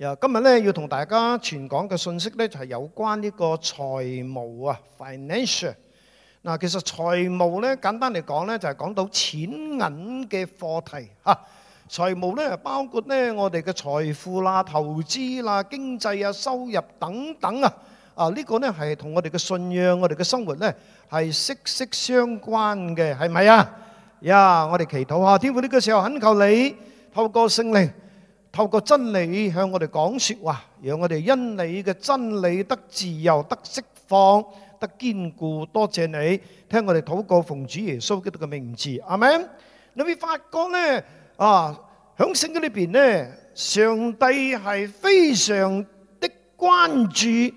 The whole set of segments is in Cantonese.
然後今日咧要同大家傳講嘅信息咧就係有關呢個財務啊，financial。嗱，其實財務咧簡單嚟講咧就係講到錢銀嘅課題嚇。財務咧包括咧我哋嘅財富啦、投資啦、經濟啊、收入等等啊。啊，呢個咧係同我哋嘅信仰、我哋嘅生活咧係息息相關嘅，係咪啊？呀，我哋祈禱下，天父呢個時候懇求你透過聖靈。透過真理向我哋講說話，讓我哋因你嘅真理得自由、得釋放、得堅固。多謝你聽我哋禱告，奉主耶穌基督嘅名字，阿門。你會發覺咧啊，響聖經裏邊咧，上帝係非常的關注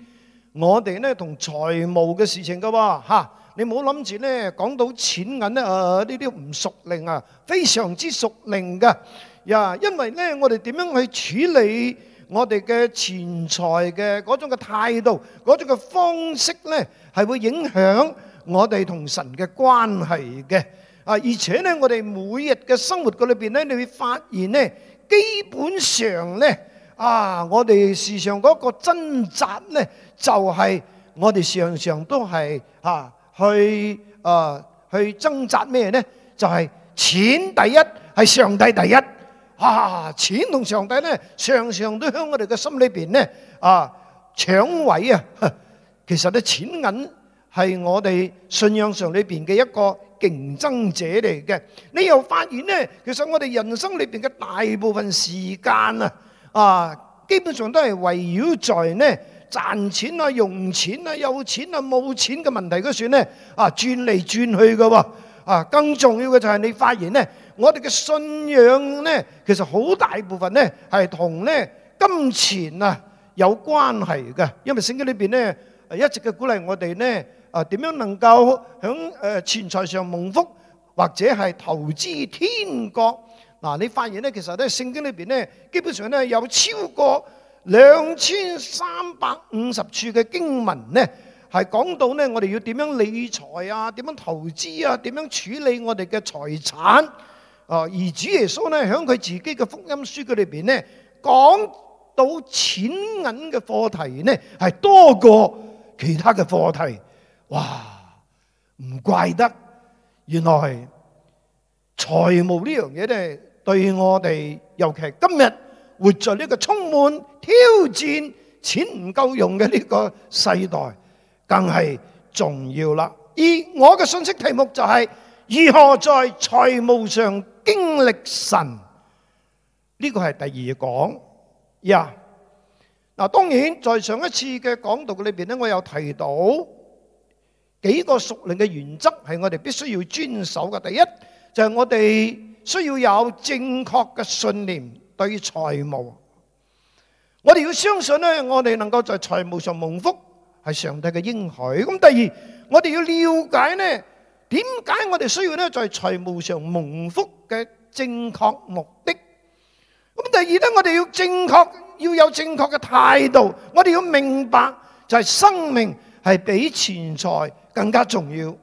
我哋咧同財務嘅事情噶，吓你冇諗住咧講到錢銀咧，誒，呢啲唔屬靈啊，非常之屬靈嘅。呀、yeah，因為呢，我哋點樣去處理我哋嘅錢財嘅嗰種嘅態度、嗰種嘅方式呢，係會影響我哋同神嘅關係嘅。啊，而且呢，我哋每日嘅生活嘅裏邊呢，你會發現呢，基本上呢，啊，我哋時常嗰個掙扎呢，就係、是、我哋常常都係啊、啊、去啊去掙扎咩呢？就係、是、錢第一，係上帝第一。啊！錢同上帝咧，常常都喺我哋嘅心裏邊咧，啊，搶位啊！其實咧，錢銀係我哋信仰上裏邊嘅一個競爭者嚟嘅。你又發現呢，其實我哋人生裏邊嘅大部分時間啊，啊，基本上都係圍繞在呢賺錢啊、用錢啊、有錢啊、冇錢嘅問題嗰處咧，啊，轉嚟轉去嘅喎、啊。啊，更重要嘅就係你發現呢。我哋嘅信仰呢，其實好大部分呢係同呢金錢啊有關係嘅，因為聖經裏邊呢，一直嘅鼓勵我哋呢啊點樣能夠喺誒錢財上蒙福，或者係投資天國。嗱，啊，你發現呢，其實呢聖經裏邊呢，基本上呢有超過兩千三百五十處嘅經文呢係講到呢，我哋要點樣理財啊，點樣投資啊，點樣處理我哋嘅財產。啊！而主耶穌咧，喺佢自己嘅福音書嘅裏邊咧，講到錢銀嘅課題咧，係多過其他嘅課題。哇！唔怪得，原來財務呢樣嘢咧，對我哋尤其係今日活在呢個充滿挑戰、錢唔夠用嘅呢個世代，更係重要啦。而我嘅訊息題目就係如何在財務上，經歷神呢個係第二講呀。嗱，當然在上一次嘅講讀裏邊咧，我有提到幾個屬靈嘅原則係我哋必須要遵守嘅。第一就係我哋需要有正確嘅信念對財務。我哋要相信咧，我哋能夠在財務上蒙福係上帝嘅應許。咁第二，我哋要了解咧。點解我哋需要呢？在、就是、財務上蒙福嘅正確目的。咁第二呢，我哋要正確，要有正確嘅態度。我哋要明白就係生命係比錢財更加重要。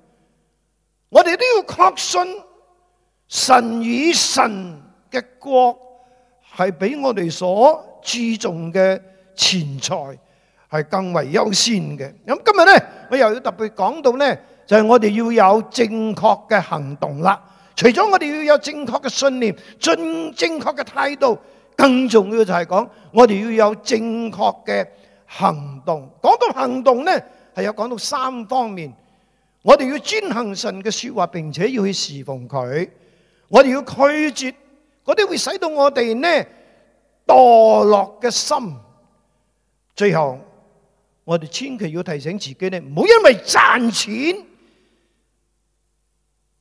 我哋都要確信神與神嘅國係比我哋所注重嘅錢財係更為優先嘅。咁今日呢，我又要特別講到呢。就係我哋要有正確嘅行動啦。除咗我哋要有正確嘅信念，正正確嘅態度，更重要就係講我哋要有正確嘅行動。講到行動呢，係有講到三方面。我哋要遵行神嘅說話，並且要去侍奉佢。我哋要拒絕嗰啲會使到我哋呢墮落嘅心。最後，我哋千祈要提醒自己呢，唔好因為賺錢。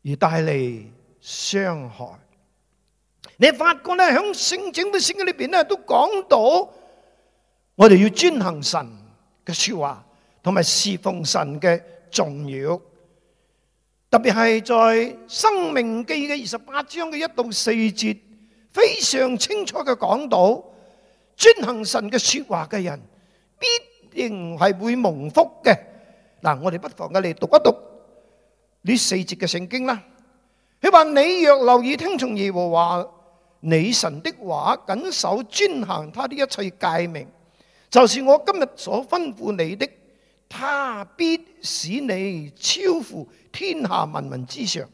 而帶嚟傷害。你發覺咧，響聖經嘅聖經裏邊咧，都講到我哋要遵行神嘅說話，同埋侍奉神嘅重要。特別係在《生命記》嘅二十八章嘅一到四節，非常清楚嘅講到，遵行神嘅說話嘅人，必定係會蒙福嘅。嗱，我哋不妨我哋嚟讀一讀。呢四節嘅聖經啦，佢話，你若留意聽從耶和華你神的話，謹守遵行他啲一切誡命，就是我今日所吩咐你的，他必使你超乎天下萬民之上。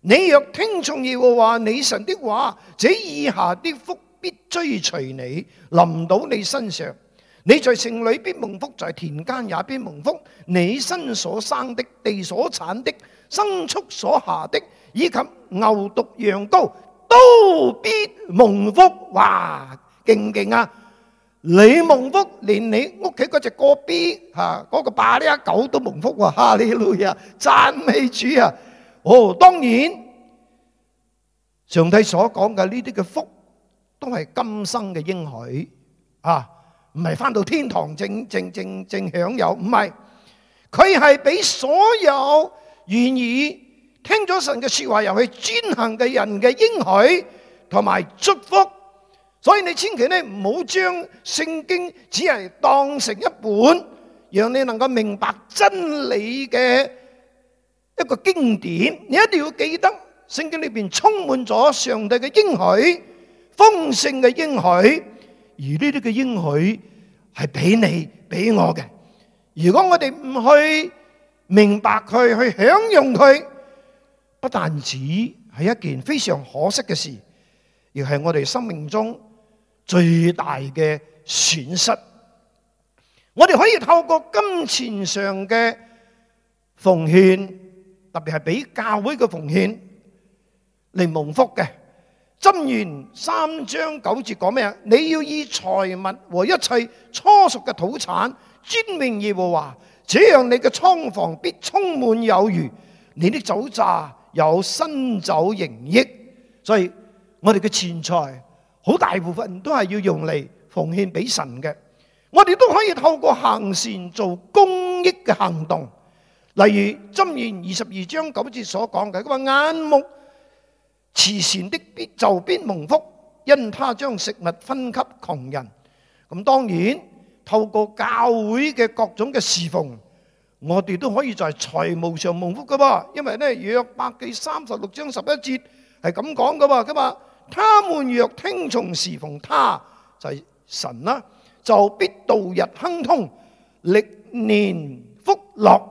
你若聽從耶和華你神的話，這以下的福必追隨你臨到你身上。你在城裏必蒙福，在田間也必蒙福，你身所生的，地所產的，牲畜所下的，以及牛犢羊羔，都必蒙福。哇，勁唔勁啊！你蒙福，連你屋企嗰隻個 B 嚇，嗰個八呢狗都蒙福喎！哈利路亞，讚美主啊！哦，當然，上帝所講嘅呢啲嘅福，都係今生嘅應許啊，唔係翻到天堂正正正正享有，唔係，佢係俾所有。願意聽咗神嘅說話，又去遵行嘅人嘅應許同埋祝福，所以你千祈咧唔好將聖經只係當成一本讓你能夠明白真理嘅一個經典，你一定要記得聖經裏邊充滿咗上帝嘅應許，豐盛嘅應許，而呢啲嘅應許係俾你俾我嘅。如果我哋唔去。明白佢，去享用佢，不但止係一件非常可惜嘅事，而係我哋生命中最大嘅損失。我哋可以透過金錢上嘅奉獻，特別係俾教會嘅奉獻嚟蒙福嘅。箴言三章九節講咩啊？你要以財物和一切初熟嘅土產，尊榮耶和華。這樣你嘅倉房必充滿有餘，你的酒榨有新酒盈溢。所以我哋嘅錢財好大部分都係要用嚟奉獻俾神嘅。我哋都可以透過行善做公益嘅行動，例如箴言二十二章九節所講嘅，佢話眼目慈善的必就必蒙福，因他將食物分給窮人。咁當然。透過教會嘅各種嘅侍奉，我哋都可以在財務上蒙福噶噃。因為呢，約伯記三十六章十一節係咁講噶噃，咁啊，他們若聽從侍奉他，就係神啦，就必度日亨通，歷年福樂。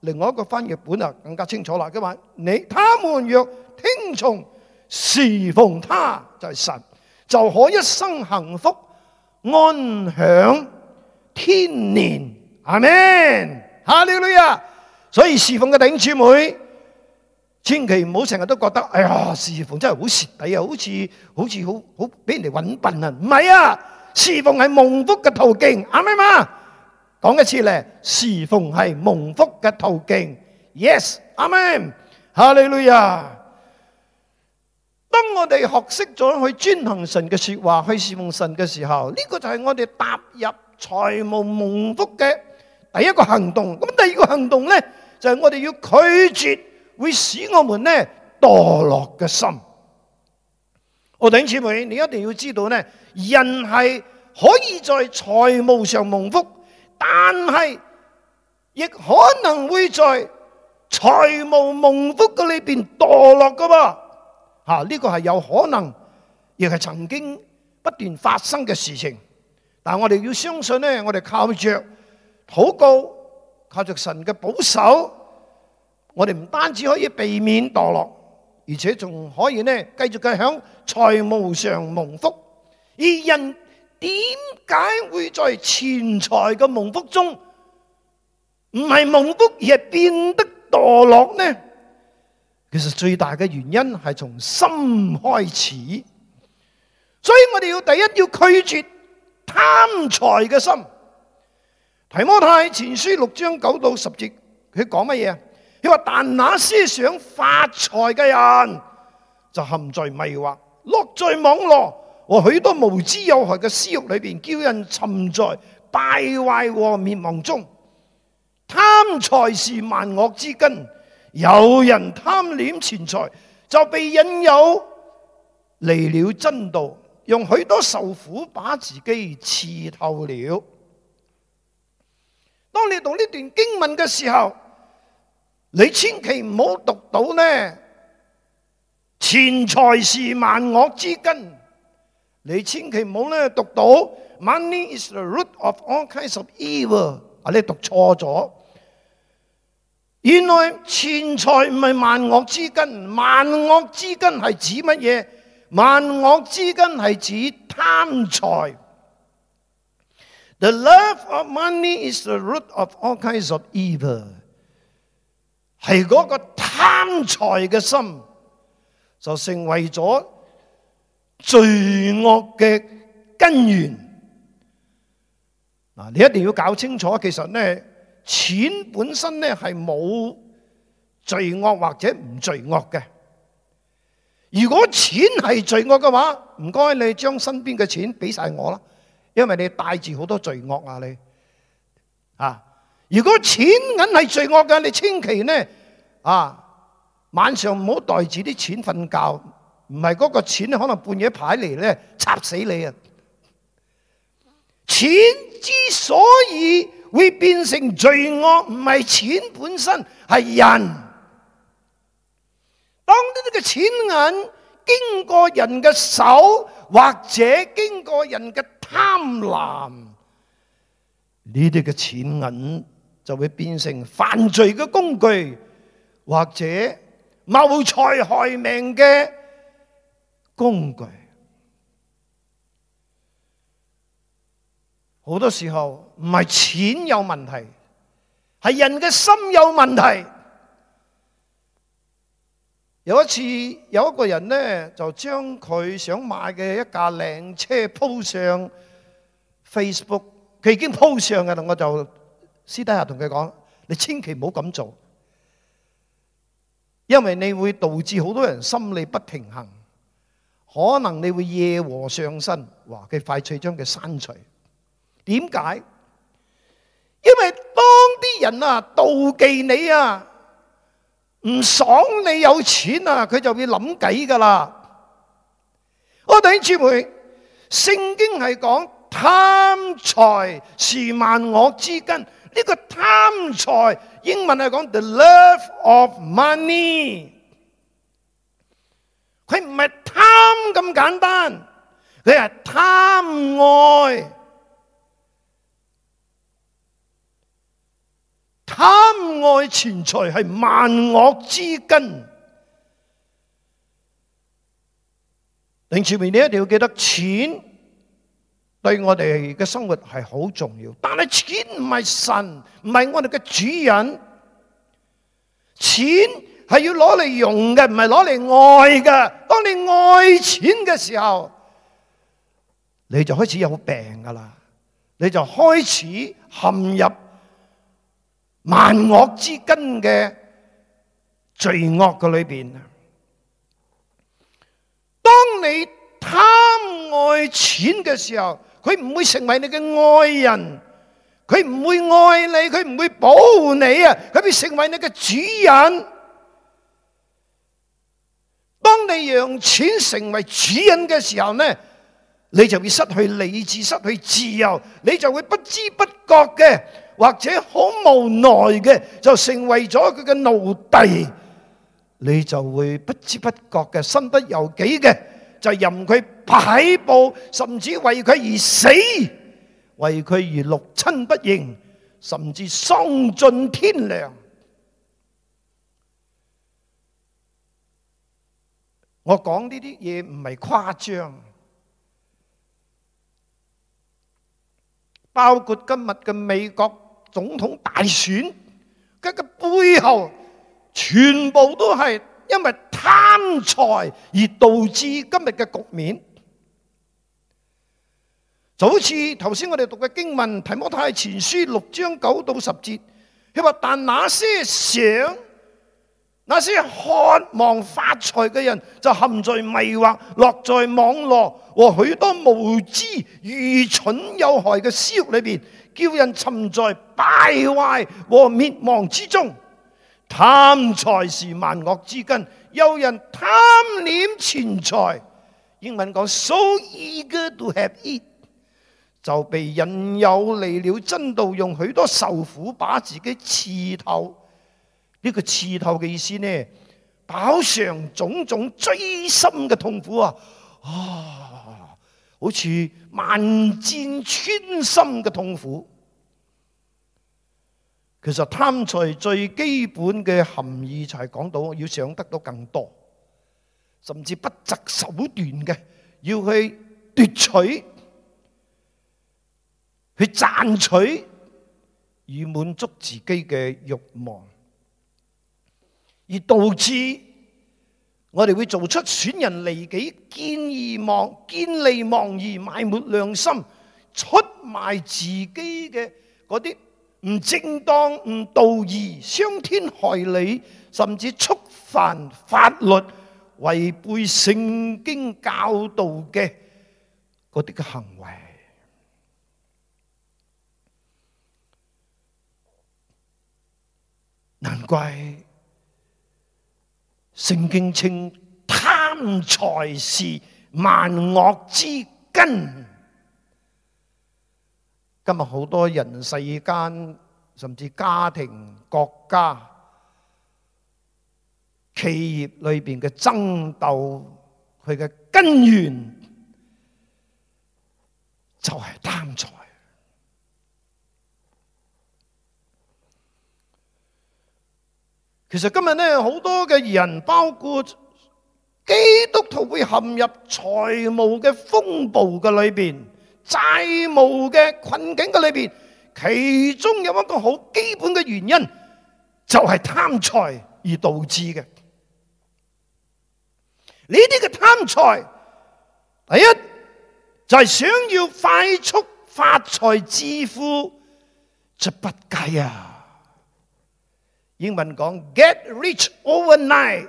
另外一個翻譯本啊，更加清楚啦，咁啊，你他們若聽從侍奉他，就係神，就可一生幸福。安享天年，阿門，哈利路亞。所以侍奉嘅弟兄姊妹，千祈唔好成日都覺得，哎呀，侍奉真係好蝕底啊，好似好似好好俾人哋搵笨啊。唔係啊，侍奉係蒙福嘅途徑，阿門嘛，講一次咧，侍奉係蒙福嘅途徑，yes，阿門，哈利路亞。當我哋學識咗去遵行神嘅說話，去侍奉神嘅時候，呢、這個就係我哋踏入財務蒙福嘅第一個行動。咁第二個行動呢，就係、是、我哋要拒絕會使我們呢墮落嘅心。我頂姊妹，你一定要知道呢，人係可以在財務上蒙福，但係亦可能會在財務蒙福嘅裏邊墮落噶嘛。吓、啊，呢、這個係有可能，亦係曾經不斷發生嘅事情。但我哋要相信咧，我哋靠着禱告，靠着神嘅保守，我哋唔單止可以避免墮落，而且仲可以咧繼續嘅響財務上蒙福。而人點解會在錢財嘅蒙福中，唔係蒙福而係變得墮落呢？其實最大嘅原因係從心開始，所以我哋要第一要拒絕貪財嘅心。提摩太前書六章九到十節，佢講乜嘢？佢話但那些想發財嘅人，就陷在迷惑、落在網絡和許多無知有害嘅私欲裏面，叫人沉在敗壞和滅亡中。貪財是萬惡之根。有人貪戀錢財，就被引誘離了真道，用許多受苦把自己刺透了。當你讀呢段經文嘅時候，你千祈唔好讀到呢，錢財是萬惡之根。你千祈唔好呢讀到 Money is the root of all kinds of evil，啊！你讀錯咗。原來錢財唔係萬惡之根，萬惡之根係指乜嘢？萬惡之根係指貪財。The love of money is the root of all kinds of evil。係嗰個貪財嘅心，就成為咗罪惡嘅根源。啊，你一定要搞清楚，其實呢，錢本身咧係冇罪惡或者唔罪惡嘅。如果錢係罪惡嘅話，唔該你將身邊嘅錢俾晒我啦，因為你帶住好多罪惡啊你。啊，如果錢硬係罪惡嘅，你千祈呢啊晚上唔好帶住啲錢瞓覺，唔係嗰個錢可能半夜排嚟咧插死你啊！錢之所以會變成罪惡，唔係錢本身，係人。當呢啲嘅錢銀經過人嘅手，或者經過人嘅貪婪，呢啲嘅錢銀就會變成犯罪嘅工具，或者謀財害命嘅工具。好多時候,唔係錢有問題,係人嘅心有問題。有一次,有一個人呢,就將佢想買嘅一架靚車鋪上 Facebook. 佢已經鋪上嘅啦,我就私底下同佢講:你千祈唔好咁做,因為你會導致好多人心理不平衡,可能你會夜和上身哇,佢快脆將佢刪除.點解？因為當啲人啊妒忌你啊，唔爽你有錢啊，佢就會諗計㗎喇。我第一次會，聖經係講，貪財是萬惡之根。呢個貪財英文係講 The love of money，佢唔係貪咁簡單，佢係貪愛。貪愛錢財係萬惡之根。領前面你一定要記得，錢對我哋嘅生活係好重要，但係錢唔係神，唔係我哋嘅主人。錢係要攞嚟用嘅，唔係攞嚟愛㗎。當你愛錢嘅時候，你就開始有病噶啦，你就開始陷入。萬惡之根嘅罪惡嘅裏邊，當你貪愛錢嘅時候，佢唔會成為你嘅愛人，佢唔會愛你，佢唔會保護你啊！佢會成為你嘅主人。當你讓錢成為主人嘅時候呢，你就會失去理智，失去自由，你就會不知不覺嘅，或者好無奈嘅，就成為咗佢嘅奴隸，你就會不知不覺嘅身不由己嘅，就任佢擺布，甚至為佢而死，為佢而六親不認，甚至喪盡天良。我講呢啲嘢唔係誇張，包括今日嘅美國。總統大選，佢嘅背後全部都係因為貪財而導致今日嘅局面。就好似頭先我哋讀嘅經文《提摩太前書》六章九到十節，佢話：但那些想、那些渴望發財嘅人，就陷在迷惑、落在網羅和許多無知、愚蠢有害嘅私慾裏邊。叫人沉在敗壞和滅亡之中，貪財是萬惡之根。有人貪戀錢財，英文講 so eager to have it，就被引誘離了真道，用許多愁苦把自己刺透。呢個刺透嘅意思呢，飽嘗種種錐心嘅痛苦啊！啊，好似～萬箭穿心嘅痛苦，其實貪財最基本嘅含義就係講到要想得到更多，甚至不擇手段嘅要去奪取、去賺取，以滿足自己嘅慾望，而導致。我哋會做出損人利己、見義忘、見利忘義、埋沒良心、出賣自己嘅嗰啲唔正當、唔道義、傷天害理，甚至觸犯法律、違背聖經教導嘅嗰啲嘅行為，難怪。聖經稱貪財是萬惡之根，今日好多人世間，甚至家庭、國家、企業裏邊嘅爭鬥，佢嘅根源就係、是、貪財。其實今日咧，好多嘅人包括基督徒，會陷入財務嘅風暴嘅裏邊、債務嘅困境嘅裏邊，其中有一個好基本嘅原因，就係、是、貪財而導致嘅。呢啲嘅貪財，第一就係、是、想要快速發財致富，就不計啊！英文講 get rich overnight，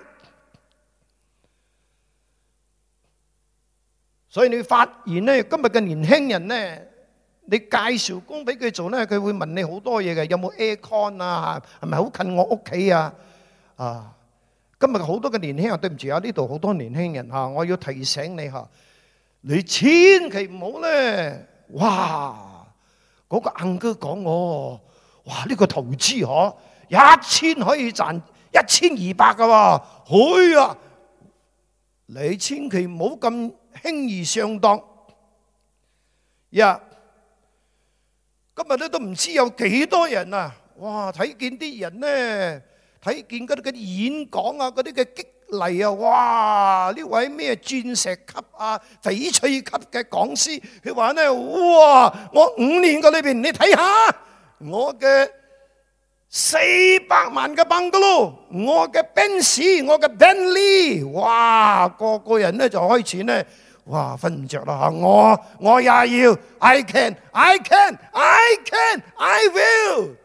所以你發現呢今日嘅年輕人呢，你介紹工俾佢做呢，佢會問你好多嘢嘅，有冇 aircon 啊，係咪好近我屋企啊？啊，今日好多嘅年輕人，對唔住啊，呢度好多年輕人啊，我要提醒你吓，你千祈唔好咧，哇，嗰個阿哥講我，哇呢個投資可。一千可以賺一千二百噶喎，啊，你千祈唔好咁輕易上當啊。呀今日咧都唔知有幾多人啊，啊，哇！睇見啲人呢，睇見嗰啲演講啊，嗰啲嘅激勵啊，哇！呢位咩鑽石級啊、翡翠級嘅講師，佢話呢：「哇！我五年嘅裏邊，你睇下我嘅。四百萬嘅 bungalow，我嘅奔馳，我嘅賓利，哇！個個人呢就開始呢，哇！瞓唔着啦，我我也要，I can，I can，I can，I will。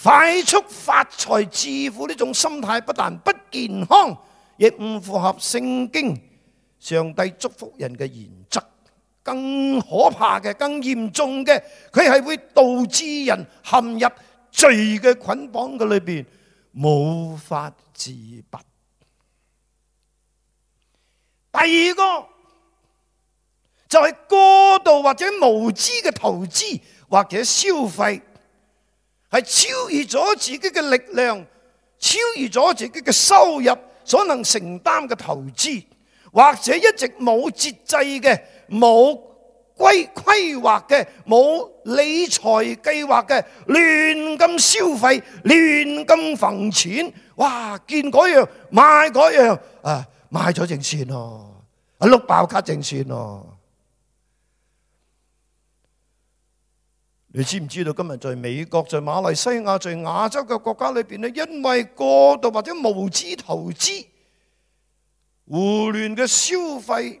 快速發財致富呢種心態不但不健康，亦唔符合聖經上帝祝福人嘅原則。更可怕嘅、更嚴重嘅，佢係會導致人陷入罪嘅捆綁嘅裏邊，無法自拔。第二個就係、是、過度或者無知嘅投資或者消費，係超越咗自己嘅力量，超越咗自己嘅收入所能承擔嘅投資，或者一直冇節制嘅。冇規規劃嘅，冇理財計劃嘅，亂咁消費，亂咁揈錢，哇！見嗰樣買嗰樣，啊，買咗正算咯，一、啊、碌爆卡正算咯。你知唔知道今日在美國、在馬來西亞、在亞洲嘅國家裏邊咧，因為過度或者無知投資、胡亂嘅消費？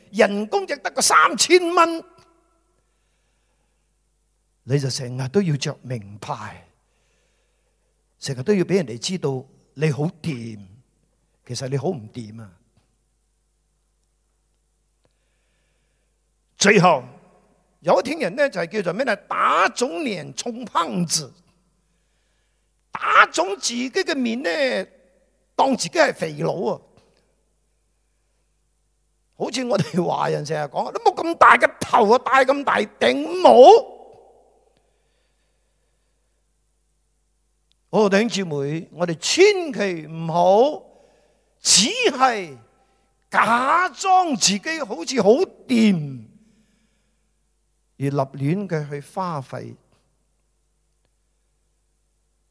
人工只得個三千蚊，你就成日都要着名牌，成日都要俾人哋知道你好掂。其實你好唔掂啊！最後有啲人咧就係叫做咩咧？打腫臉充胖子，打腫自己嘅面咧，當自己係肥佬啊！好似我哋華人成日講，都冇咁大個頭啊，戴咁大頂帽。哦，弟兄姊妹，我哋千祈唔好只係假裝自己好似好掂而立亂嘅去花費，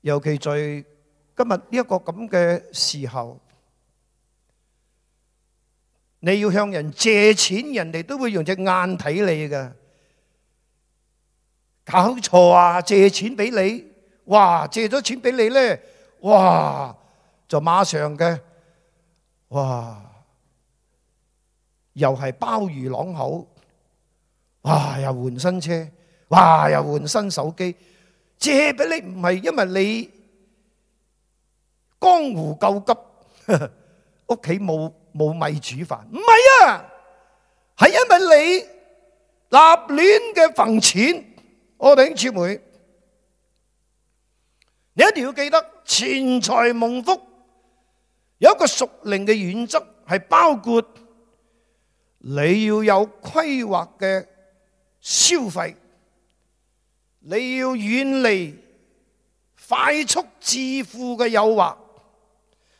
尤其在今日呢一個咁嘅時候。你要向人借錢，人哋都會用隻眼睇你㗎。搞錯啊！借錢俾你，哇！借咗錢俾你咧，哇！就馬上嘅，哇！又係鮑魚朗口，哇！又換新車，哇！又換新手機。借俾你唔係因為你江湖救急，屋企冇冇米煮飯，唔係啊，係因為你立亂嘅分錢，我哋姊妹，你一定要記得錢財蒙福有一個屬靈嘅原則，係包括你要有規劃嘅消費，你要遠離快速致富嘅誘惑，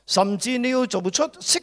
甚至你要做出適。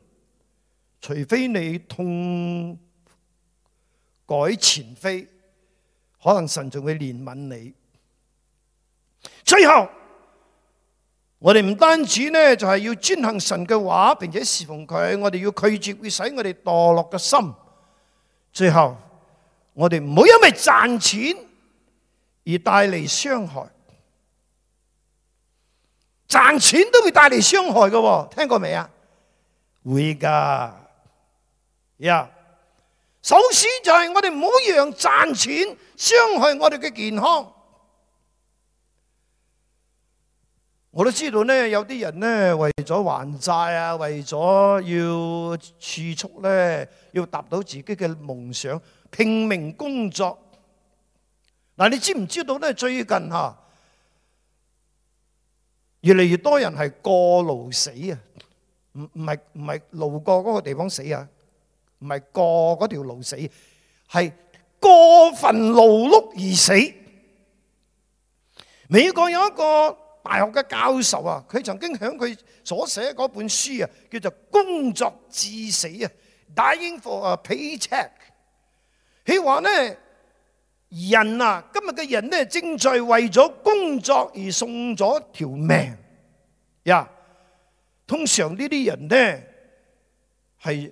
除非你痛改前非，可能神仲會憐憫你。最後，我哋唔單止呢，就係要遵行神嘅話，並且侍奉佢。我哋要拒絕會使我哋墮落嘅心。最後，我哋唔好因為賺錢而帶嚟傷害，賺錢都會帶嚟傷害嘅。聽過未啊？會噶。呀、yeah，首先就係我哋唔好讓賺錢傷害我哋嘅健康。我都知道呢，有啲人呢，為咗還債啊，為咗要儲蓄呢，要達到自己嘅夢想，拼命工作。嗱，你知唔知道呢，最近吓，越嚟越多人係過勞死啊，唔唔係唔係路過嗰個地方死啊？唔係過嗰條路死，係過分勞碌而死。美國有一個大學嘅教授啊，佢曾經喺佢所寫嗰本書啊，叫做《工作致死》啊，dying for a paycheck。佢話咧，人啊，今日嘅人咧，正在為咗工作而送咗條命呀。通常呢啲人咧，係，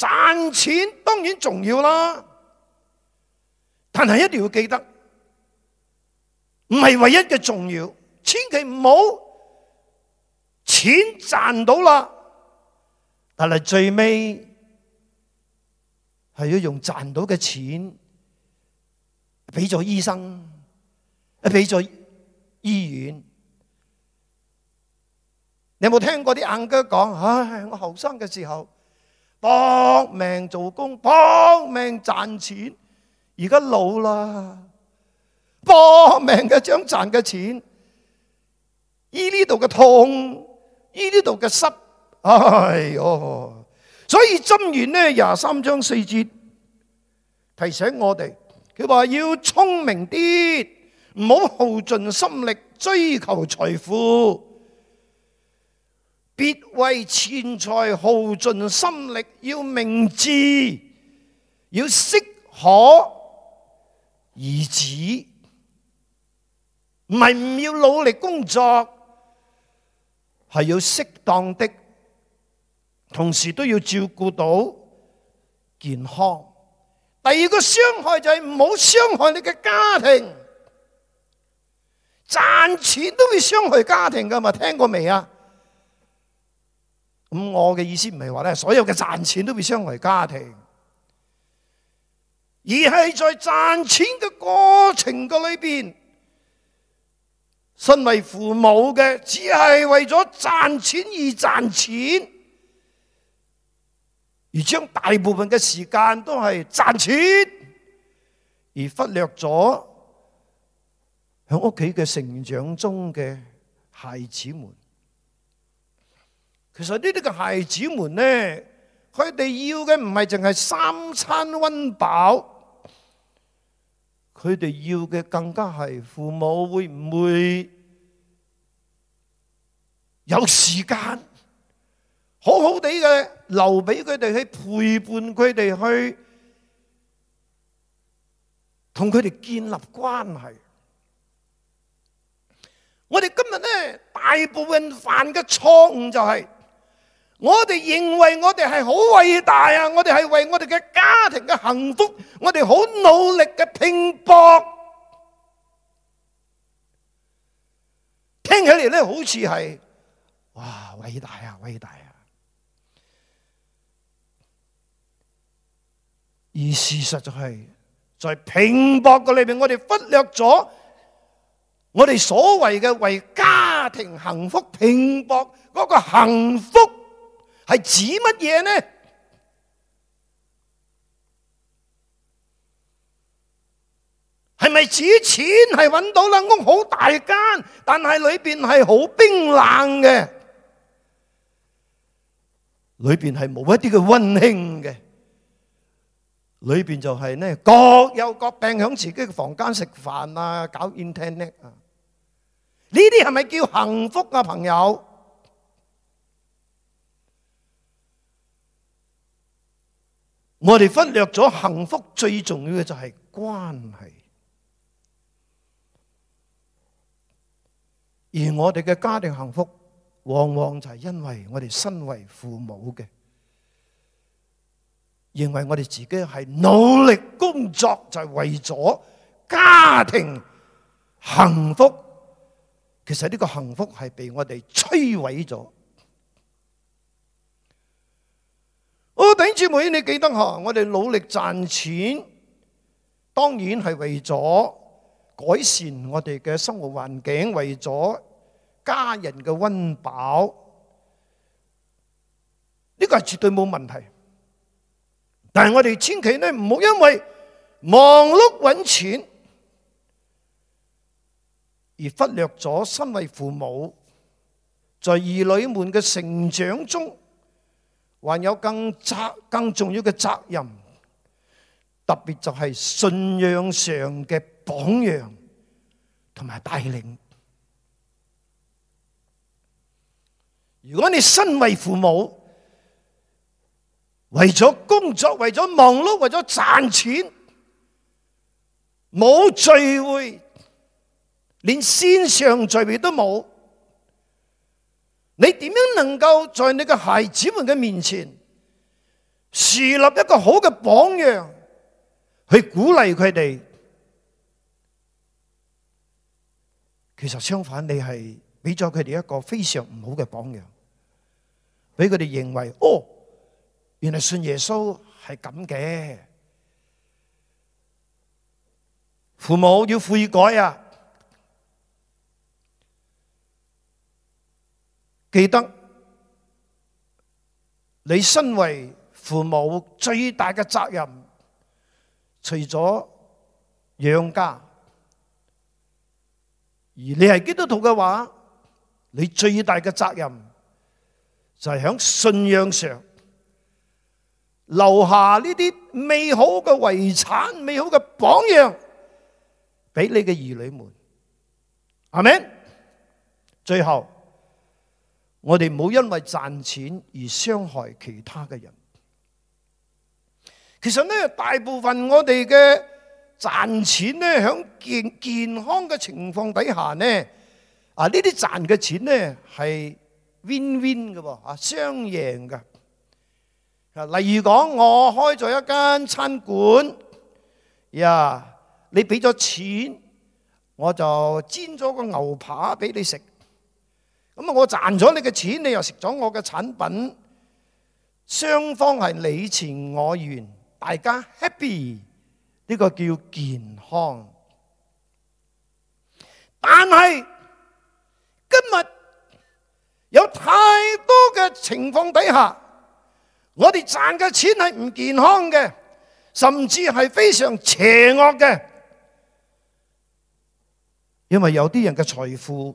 賺錢當然重要啦，但係一定要記得，唔係唯一嘅重要。千祈唔好錢賺到啦，但係最尾係要用賺到嘅錢俾咗醫生，啊俾咗醫院。你有冇聽過啲硬腳講？唉，我後生嘅時候。搏命做工，搏命賺錢，而家老啦，搏命嘅將賺嘅錢醫呢度嘅痛，醫呢度嘅濕，哎喲！所以《箴言》呢廿三章四節提醒我哋，佢話要聰明啲，唔好耗盡心力追求財富。別為錢財耗盡心力，要明智，要適可而止。唔係唔要努力工作，係要適當的，同時都要照顧到健康。第二個傷害就係唔好傷害你嘅家庭，賺錢都會傷害家庭㗎嘛？聽過未啊？咁我嘅意思唔係話咧，所有嘅賺錢都會傷害家庭，而係在賺錢嘅過程嘅裏邊，身為父母嘅只係為咗賺錢而賺錢，而將大部分嘅時間都係賺錢，而忽略咗響屋企嘅成長中嘅孩子們。其實呢啲嘅孩子們呢，佢哋要嘅唔係淨係三餐溫飽，佢哋要嘅更加係父母會唔會有時間，好好地嘅留俾佢哋去陪伴佢哋去同佢哋建立關係。我哋今日呢大部分犯嘅錯誤就係。我哋認為我哋係好偉大啊！我哋係為我哋嘅家庭嘅幸福，我哋好努力嘅拼搏，聽起嚟咧好似係哇偉大啊，偉大啊！而事實就係，在拼搏嘅裏邊，我哋忽略咗我哋所謂嘅為家庭幸福拼搏嗰個幸福。係指乜嘢呢？係咪指錢係揾到啦？屋好大間，但係裏邊係好冰冷嘅，裏邊係冇一啲嘅溫馨嘅，裏邊就係呢各有各病，響自己嘅房間食飯啊，搞 internet 呢啊？呢啲係咪叫幸福啊，朋友？我哋忽略咗幸福最重要嘅就係關係，而我哋嘅家庭幸福，往往就係因為我哋身為父母嘅，認為我哋自己係努力工作就係為咗家庭幸福，其實呢個幸福係被我哋摧毀咗。我、哦、弟兄姊妹，你記得嚇？我哋努力賺錢，當然係為咗改善我哋嘅生活環境，為咗家人嘅温飽，呢、呢個係絕對冇問題。但係我哋千祈呢唔好因為忙碌揾錢而忽略咗身為父母在兒女們嘅成長中。還有更責更重要嘅責任，特別就係信仰上嘅榜樣同埋帶領。如果你身為父母，為咗工作、為咗忙碌、為咗賺錢，冇聚會，連線上聚會都冇。你點樣能夠在你嘅孩子們嘅面前樹立一個好嘅榜樣，去鼓勵佢哋？其實相反，你係俾咗佢哋一個非常唔好嘅榜樣，俾佢哋認為，哦，原來信耶穌係咁嘅。父母要悔改啊！記得你身為父母最大嘅責任，除咗養家，而你係基督徒嘅話，你最大嘅責任就係響信仰上留下呢啲美好嘅遺產、美好嘅榜樣俾你嘅兒女們，係咪？最後。我哋唔好因為賺錢而傷害其他嘅人。其實呢，大部分我哋嘅賺錢呢，響健健康嘅情況底下呢，啊呢啲賺嘅錢呢係 win win 嘅喎，啊雙贏嘅。啊，例如講，我開咗一間餐館，呀，你俾咗錢，我就煎咗個牛扒俾你食。我賺咗你嘅錢，你又食咗我嘅產品，雙方係你情我願，大家 happy，呢個叫健康。但係今日有太多嘅情況底下，我哋賺嘅錢係唔健康嘅，甚至係非常邪惡嘅，因為有啲人嘅財富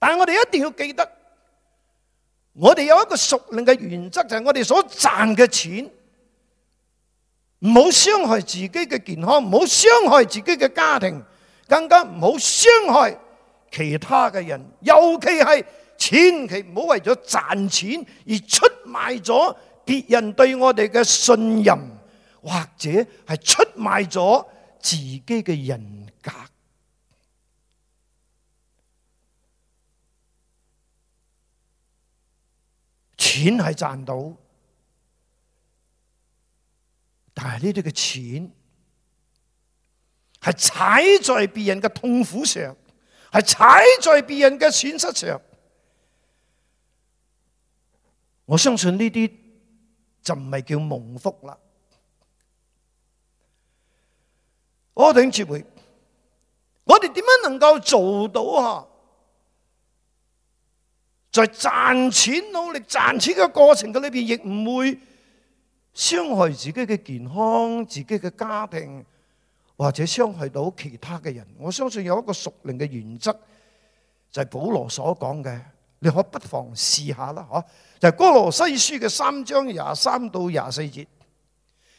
但我哋一定要記得，我哋有一個熟練嘅原則，就係我哋所賺嘅錢，唔好傷害自己嘅健康，唔好傷害自己嘅家庭，更加唔好傷害其他嘅人，尤其係千祈唔好為咗賺錢而出賣咗別人對我哋嘅信任，或者係出賣咗自己嘅人格。錢係賺到，但係呢啲嘅錢係踩在別人嘅痛苦上，係踩在別人嘅損失上。我相信呢啲就唔係叫蒙福啦。我弟兄姐妹，我哋點樣能夠做到啊？在、就是、賺錢，努力賺錢嘅過程裏邊，亦唔會傷害自己嘅健康、自己嘅家庭，或者傷害到其他嘅人。我相信有一個屬靈嘅原則，就係保羅所講嘅，你可以不妨試一下啦，就係哥羅西書嘅三章廿三到廿四節，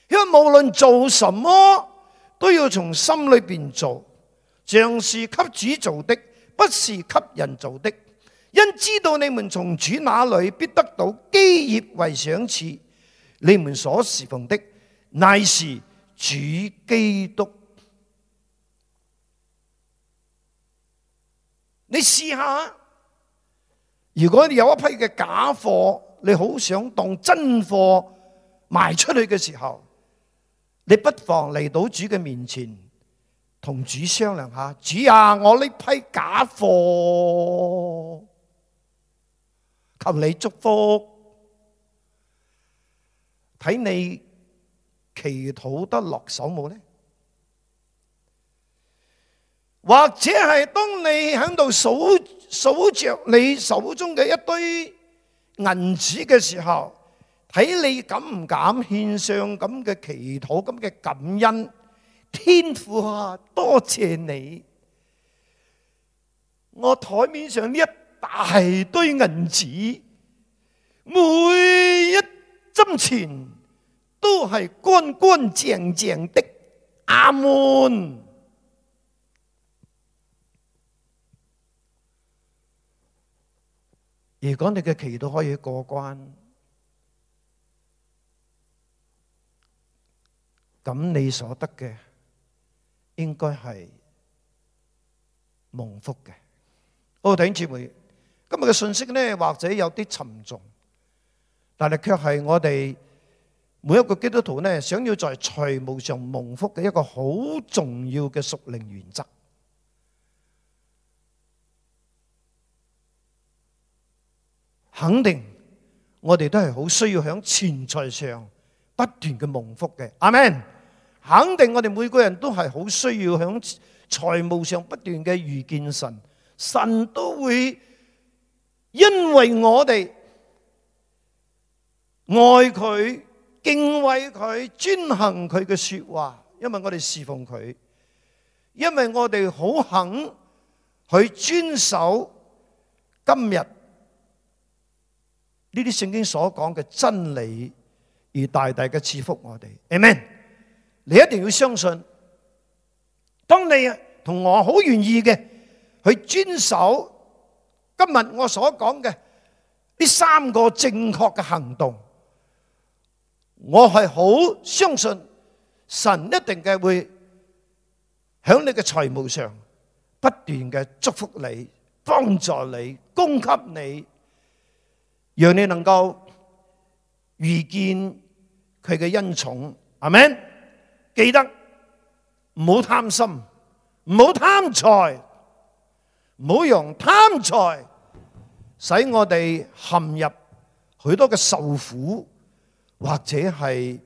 因為無論做什麼，都要從心裏邊做，像是給主做的，不是給人做的。因知道你們從主那裏必得到基業為賞賜，你們所侍奉的乃是主基督。你試一下，如果你有一批嘅假貨，你好想當真貨賣出去嘅時候，你不妨嚟到主嘅面前，同主商量下。主啊，我呢批假貨。求你祝福，睇你祈禱得落手冇呢？或者係當你喺度數數着你手中嘅一堆銀紙嘅時候，睇你敢唔敢獻上咁嘅祈禱、咁嘅感恩？天父啊，多謝你，我台面上呢一大堆銀紙，每一針錢都係乾乾淨淨的。阿們。如果你嘅祈禱可以過關，咁你所得嘅應該係蒙福嘅。好，弟兄姊妹。今日嘅信息呢，或者有啲沉重，但係卻係我哋每一個基督徒呢，想要在財務上蒙福嘅一個好重要嘅屬靈原則。肯定我哋都係好需要響錢財上不斷嘅蒙福嘅，阿們，肯定我哋每個人都係好需要響財務上不斷嘅遇見神，神都會。因為我哋愛佢、敬畏佢、遵行佢嘅說話，因為我哋侍奉佢，因為我哋好肯去遵守今日呢啲聖經所講嘅真理，而大大嘅賜福我哋。Amen，你一定要相信，當你同我好願意嘅去遵守。今日我所講嘅呢三個正確嘅行動，我係好相信神一定嘅會響你嘅財務上不斷嘅祝福你、幫助你、供給你，讓你能夠遇見佢嘅恩寵，係咪？記得唔好貪心，唔好貪財，唔好用貪財。使我哋陷入許多嘅受苦，或者係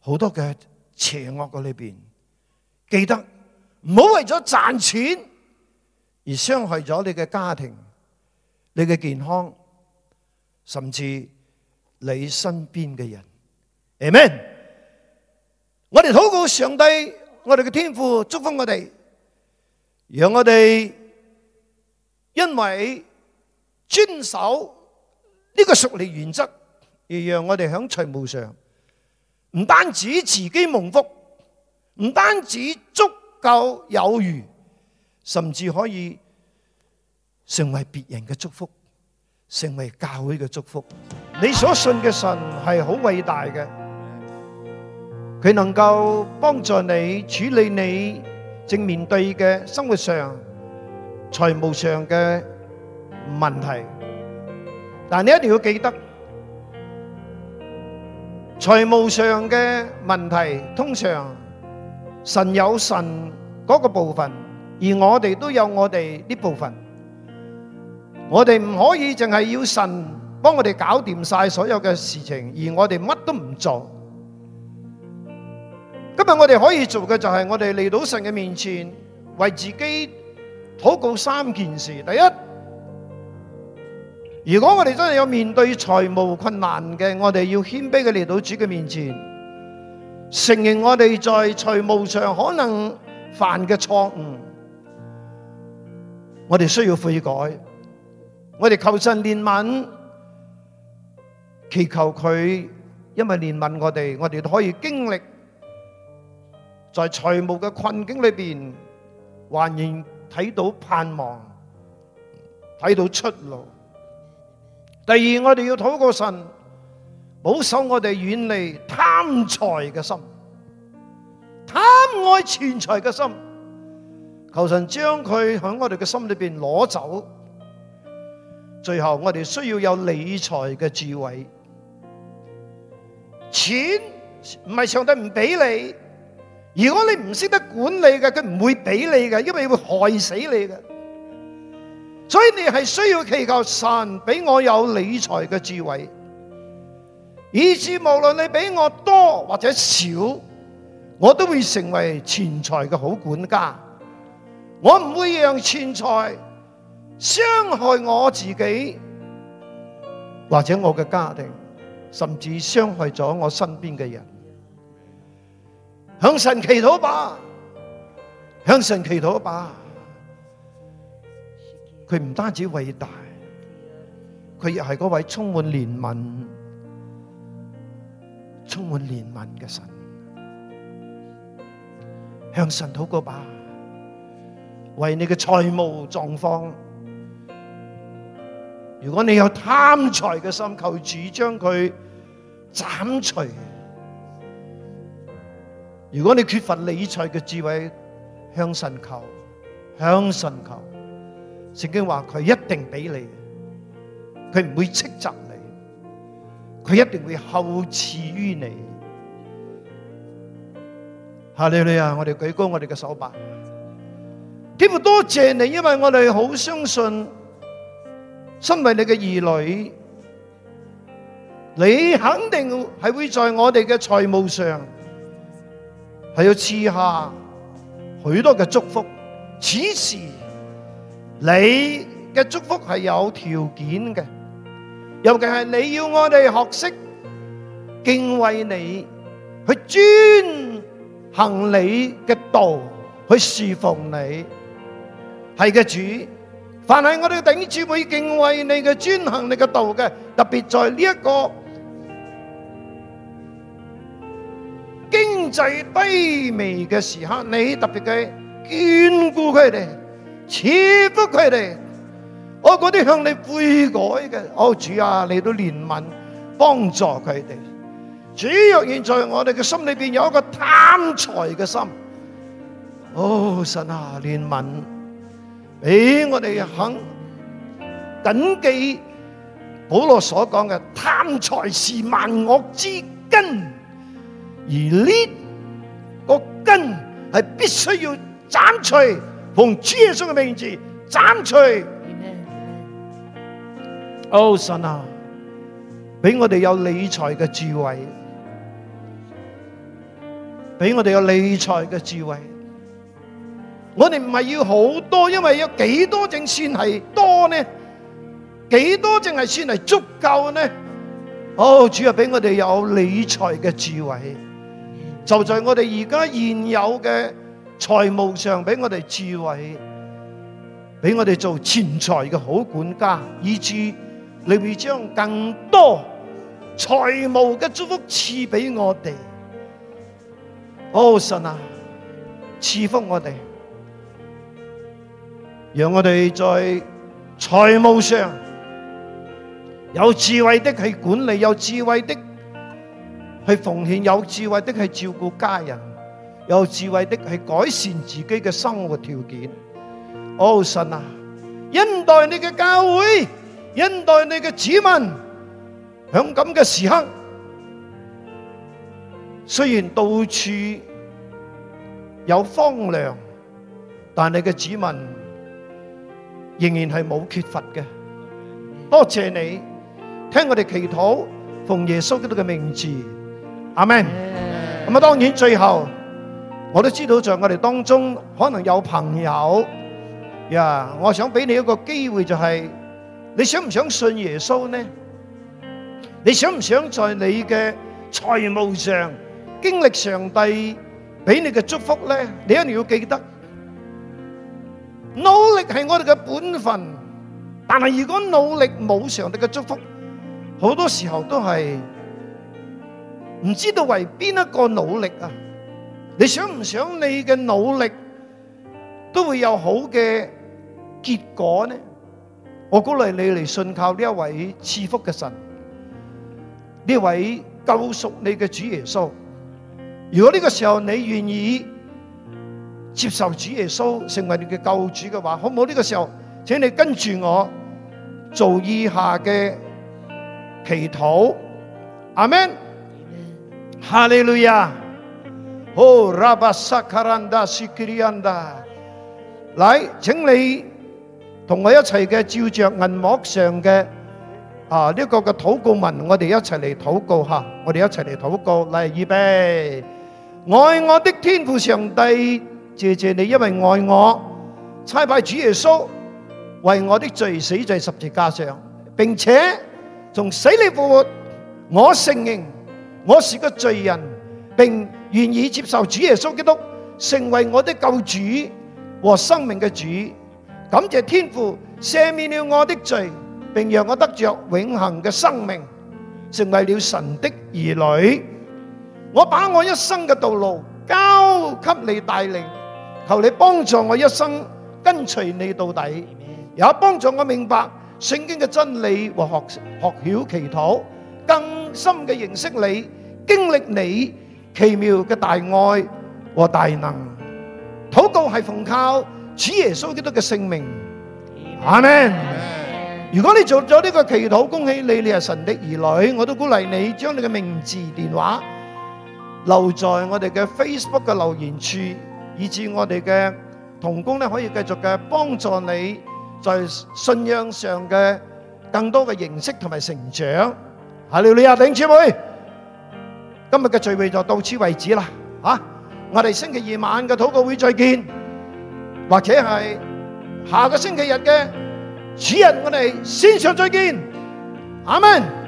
好多嘅邪惡嘅裏邊。記得唔好為咗賺錢而傷害咗你嘅家庭、你嘅健康，甚至你身邊嘅人。Amen，我哋禱告上帝，我哋嘅天父祝福我哋，讓我哋因為。遵守呢個屬靈原則，而讓我哋喺財務上唔單止自己蒙福，唔單止足夠有餘，甚至可以成為別人嘅祝福，成為教會嘅祝福。你所信嘅神係好偉大嘅，佢能夠幫助你處理你正面對嘅生活上、財務上嘅問題，但你一定要記得，財務上嘅問題通常神有神嗰個部分，而我哋都有我哋呢部分。我哋唔可以淨係要神幫我哋搞掂晒所有嘅事情，而我哋乜都唔做。今日我哋可以做嘅就係我哋嚟到神嘅面前，為自己禱告三件事。第一。如果我哋真係有面對財務困難嘅，我哋要謙卑嘅嚟到主嘅面前，承認我哋在財務上可能犯嘅錯誤，我哋需要悔改，我哋求神憐憫，祈求佢因為憐憫我哋，我哋都可以經歷在財務嘅困境裏邊，還然睇到盼望，睇到出路。第二，我哋要禱告神，保守我哋遠離貪財嘅心，貪愛錢財嘅心，求神將佢喺我哋嘅心裏邊攞走。最後，我哋需要有理財嘅智慧。錢唔係上帝唔俾你，如果你唔識得管理嘅，佢唔會俾你嘅，因為會害死你嘅。所以你係需要祈求神俾我有理財嘅智慧，以至無論你俾我多或者少，我都會成為錢財嘅好管家。我唔會讓錢財傷害我自己，或者我嘅家庭，甚至傷害咗我身邊嘅人。向神祈禱吧，向神祈禱吧。佢唔單止偉大，佢亦係嗰位充滿憐憫、充滿憐憫嘅神。向神禱告吧，為你嘅財務狀況。如果你有貪財嘅心，求主將佢斬除。如果你缺乏理財嘅智慧，向神求，向神求。聖經話佢一定俾你，佢唔會斥責你，佢一定會厚賜於你。下你女啊，我哋舉高我哋嘅手吧！點會多謝你，因為我哋好相信，身為你嘅兒女，你肯定係會在我哋嘅財務上係要賜下許多嘅祝福。此時。你嘅祝福係有條件嘅，尤其係你要我哋學識敬畏你，去遵行你嘅道，去侍奉你，係嘅主。凡係我哋頂住會敬畏你嘅，遵行你嘅道嘅，特別在呢一個經濟低迷嘅時刻，你特別嘅眷顧佢哋。賜福佢哋，我嗰啲向你悔改嘅，哦主啊，嚟到憐憫，幫助佢哋。主若現在我哋嘅心裏邊有一個貪財嘅心，哦神啊憐憫，俾我哋肯謹記保羅所講嘅，貪財是萬惡之根，而呢個根係必須要斬除。奉耶穌嘅名字斬除。哦，神啊，俾我哋有理財嘅智慧，俾我哋有理財嘅智慧。我哋唔係要好多，因為有幾多正算係多呢？幾多正係算係足夠呢？哦，主啊，俾我哋有理財嘅智慧，就在我哋而家現有嘅。財務上俾我哋智慧，俾我哋做錢財嘅好管家，以致你會將更多財務嘅祝福賜俾我哋。哦，神啊，賜福我哋，讓我哋在財務上有智慧的去管理，有智慧的去奉獻，有智慧的去照顧家人。有智慧的係改善自己嘅生活條件。哦，神啊，恩待你嘅教會，恩待你嘅子民。響咁嘅時刻，雖然到處有荒涼，但你嘅子民仍然係冇缺乏嘅。多謝你，聽我哋祈禱，奉耶穌基督嘅名字，阿門。咁啊，當然最後。我都知道，在我哋當中可能有朋友呀，yeah, 我想俾你一個機會，就係，就係你想唔想信耶穌呢？你想唔想在你嘅財務上經歷上帝俾你嘅祝福呢？你一定要記得，努力係我哋嘅本分，但係如果努力冇上帝嘅祝福，好多時候都係唔知道為邊一個努力啊！你想唔想你嘅努力都會有好嘅結果呢？我鼓勵你嚟信靠呢一位賜福嘅神，呢位救贖你嘅主耶穌。如果呢個時候你願意接受主耶穌成為你嘅救主嘅話，好唔好？呢個時候，請你跟住我做以下嘅祈禱。阿門，哈利路亞。哦，拉巴沙卡蘭達斯克里安達，嚟！請你同我一齊嘅照著銀幕上嘅啊呢個嘅禱告文，我哋一齊嚟禱告嚇，我哋一齊嚟禱告，嚟預備。愛我的天父上帝，謝謝你，因為愛我，差派主耶穌為我的罪死在十字架上，並且從死裏復活。我承認我是個罪人，並願意接受主耶穌基督成為我的救主和生命嘅主，感謝天父赦免了我的罪，並讓我得着永恒嘅生命，成為了神的兒女。我把我一生嘅道路交給你帶領，求你幫助我一生跟隨你到底，也幫助我明白聖經嘅真理和學學曉祈禱，更深嘅認識你，經歷你。奇妙嘅大愛和大能，禱告係奉靠主耶穌基督嘅聖名，阿門。如果你做咗呢個祈禱，恭喜你，你係神的兒女，我都鼓勵你將你嘅名字、電話留在我哋嘅 Facebook 嘅留言處，以致我哋嘅同工咧可以繼續嘅幫助你，在信仰上嘅更多嘅認識同埋成長。下條你阿頂姊妹。今日嘅聚會就到此為止啦，啊，我哋星期二晚嘅禱告會再見，或者係下個星期日嘅此日，我哋線上再見，阿門。